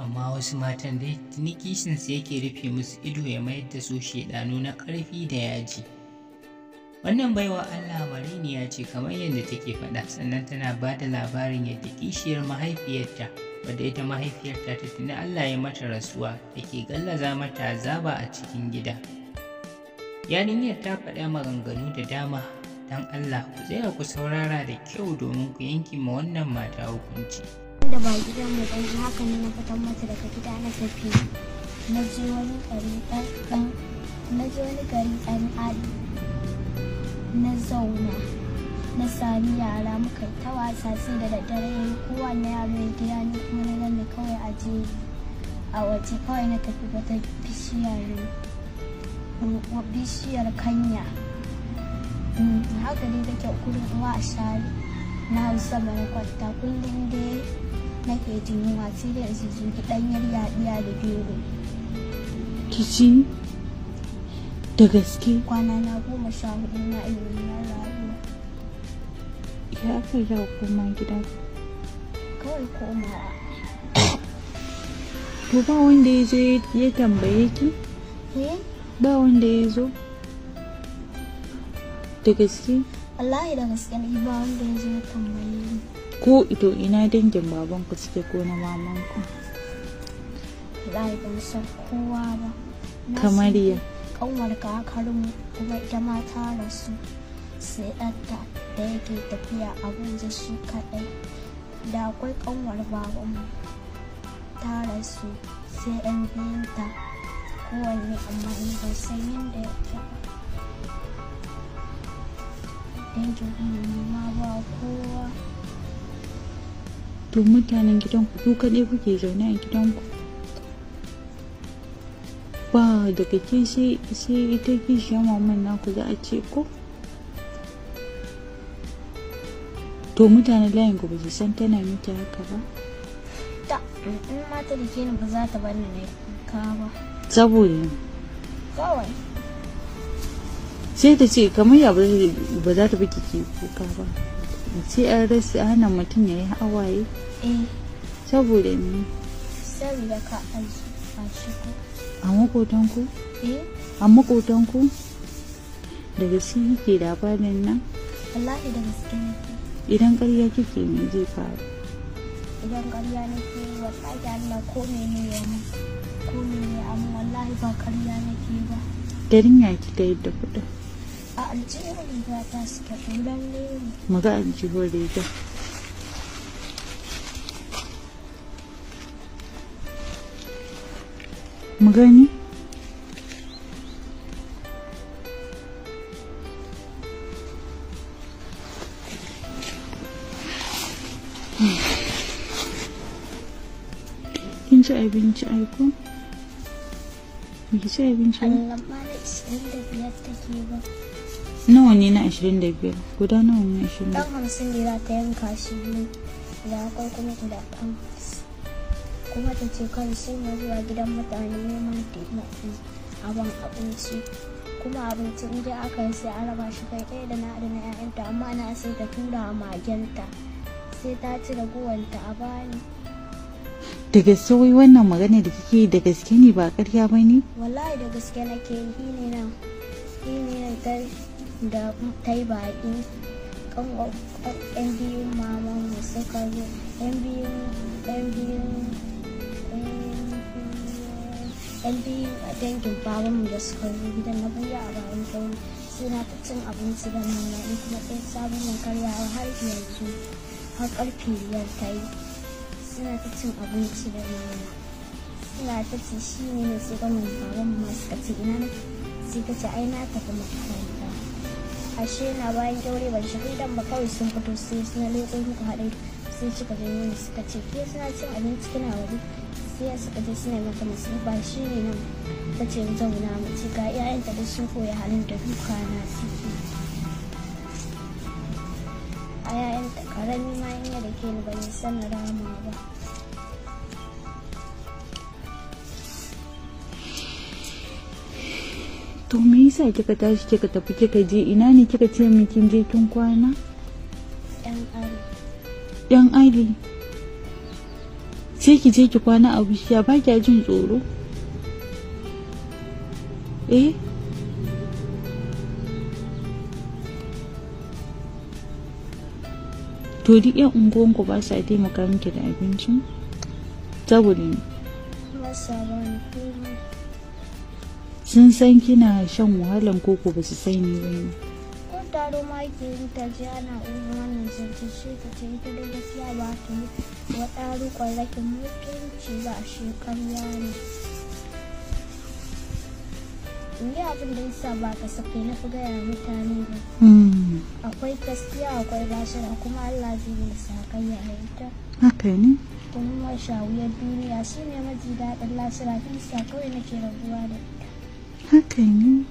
amma wasu matan dai tuni kishinsu yake rufe musu ido ya mayar da su shedanu na ƙarfi da yaji wannan baiwa allah mariniya ce kamar yadda take faɗa sannan tana ba da labarin yadda kishiyar mahaifiyarta wadda ita mahaifiyarta ta tuni allah ya mata rasuwa da ke gallaza mata zaba a cikin gida yarinyar ta faɗa maganganu da dama dan allah ku tsaya ku saurara da kyau domin ku yanke ma wannan mata hukunci da ba gidan mu bane haka ne na fitan mata daga gida na tafi na je wani gari dan na je wani gari dan adi na zauna na sami yara muka ta wasa sai da daddare yayi kowanne yaro ya gida ne, kuma na ne kawai a je a waje kawai na tafi wata bishiyar mm, bishiyar kanya mm, haka ne take kurin uwa a share na hausa na kwanta kullum dai nake jin yunwa sai dai in sun ki ɗanyar yaɗiya da gero. Kici da gaske? Kwana na goma sha hudu na ilimi na rayuwa. Ya aka yi dawo gida? Kawai koma. To ba wanda ya je ya tambaye ki? Eh? Ba wanda ya zo? Da gaske? Wallahi da gaske ne ba wanda ya je ya tambaye ni. ko ito ina dangin babanku suke ko na mamanku wallahi ban san kowa ba kamar ya ka kakarmu kuma ita ma ta rasu sai ɗanta da yake tafiya abuja su kaɗai da akwai ƙanwar babanmu ta rasu sai ɗan biyanta kowanne amma ni ban san yadda yake ba dangin ma ba kowa to mutanen gidan ku duka ne kuke zaune a gidanku ba daga ke sai ita kishiyar maman naku za a ce ko to mutanen layin ku ba su san tana miki haka ba ta in ma ta dake ni ba za ta bani ne kuka ba saboda kawai sai ta ce kamar ya ba za ta biki kuka ba Sai an rasa hana mutum ya yi hawaye eh. saboda me saboda ka aiki a makotanku a makotanku eh. da gaske kike labarin nan wallahi da gaske idan ƙarya kike ne zai faru idan ƙarya nake wallahi Allah ko mene ne mu ko ne amma wallahi ba ƙarya nake ba garin ya yi yadda kuɗin a aljihun riga suka turan ne mu gani kin ci abinci aiko? ki ci abinci ba? nawa ne na 25 guda nawa ne 25 dan hamsin ne za ta yanka shi biyu da akwai kuma guda dan kuma ta ce kan sun yi zuwa gidan mutane neman taimaki abin abinci kuma abinci in dai aka yi sai an raba shi kai ɗaya da na da na 'ya'yanta amma ana sai ta tura a magenta sai ta ci da ragowanta a bani da gaske wai wannan magana da kike da gaske ne ba ƙarya ba ne wallahi da gaske nake yi ne nan yi ne nan da ta yi baƙin ƙanƙan biyun mamanmu suka zo yan biyun yan biyun yan biyun a dangin babanmu da suka yi gidan na buya a bayan gauri suna ta cin abinci da nuna in kuma ɗan sabon karyawa har yanzu har ƙarfe biyar ta yi suna ta cin abinci da nuna suna ta ci shi ne sai gwamnan mu, masu kaci ina na sai ta ce ai na tafi makaranta ashe na bayan kyaure ban shiga idan ba kawai sun fito sai suna leƙo muka haɗe sai suka gani suka ce ke suna cin abinci kina wuri sai suka je suna mata ba shi ne nan ta ce zauna mace ga ta da sun koya halin da duka na ciki a yayanta karami ma in da ke ni ban san rama ba to me yasa kika tashi kika tafi kika je ina ne kika ce min kin je kin kwana yan ali sai ki je ki kwana a bishiya ba kya jin tsoro eh to duk yan unguwanku ba sa taimaka miki da abincin saboda ne ba sa ba ni sun san kina shan wahalan koko ba su sani ba ne ko taro ma ke ta ji ana irin wannan zance shi ka ce ita da gaskiya ba ta yi wa ɗaro ƙwarrakin mutunci ba shekaru ne ni abin da yasa ba ka sake na fi gaya mutane ba hmm. akwai gaskiya akwai basira kuma Allah zai yi sakayya a ita haka ne kuma shawuyar duniya shine maji daɗin lasira kan sa kawai nake rabuwa da ita haka ne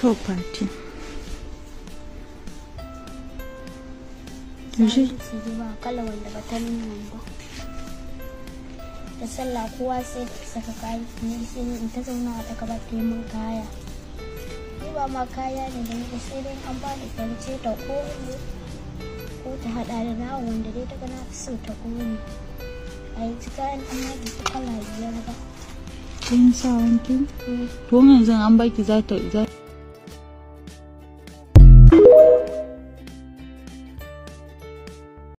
to ba da sallah kowa sai da saka kayi ne sai in ta zauna a taka ba ta kaya ni ba ma kaya ne da ni sai dai an ba da farce da ko ta hada da nawa wanda dai daga na so ta gone a yanzu kayan an ma kala biyar ba kin sa wankin eh. to yanzu an baki za ta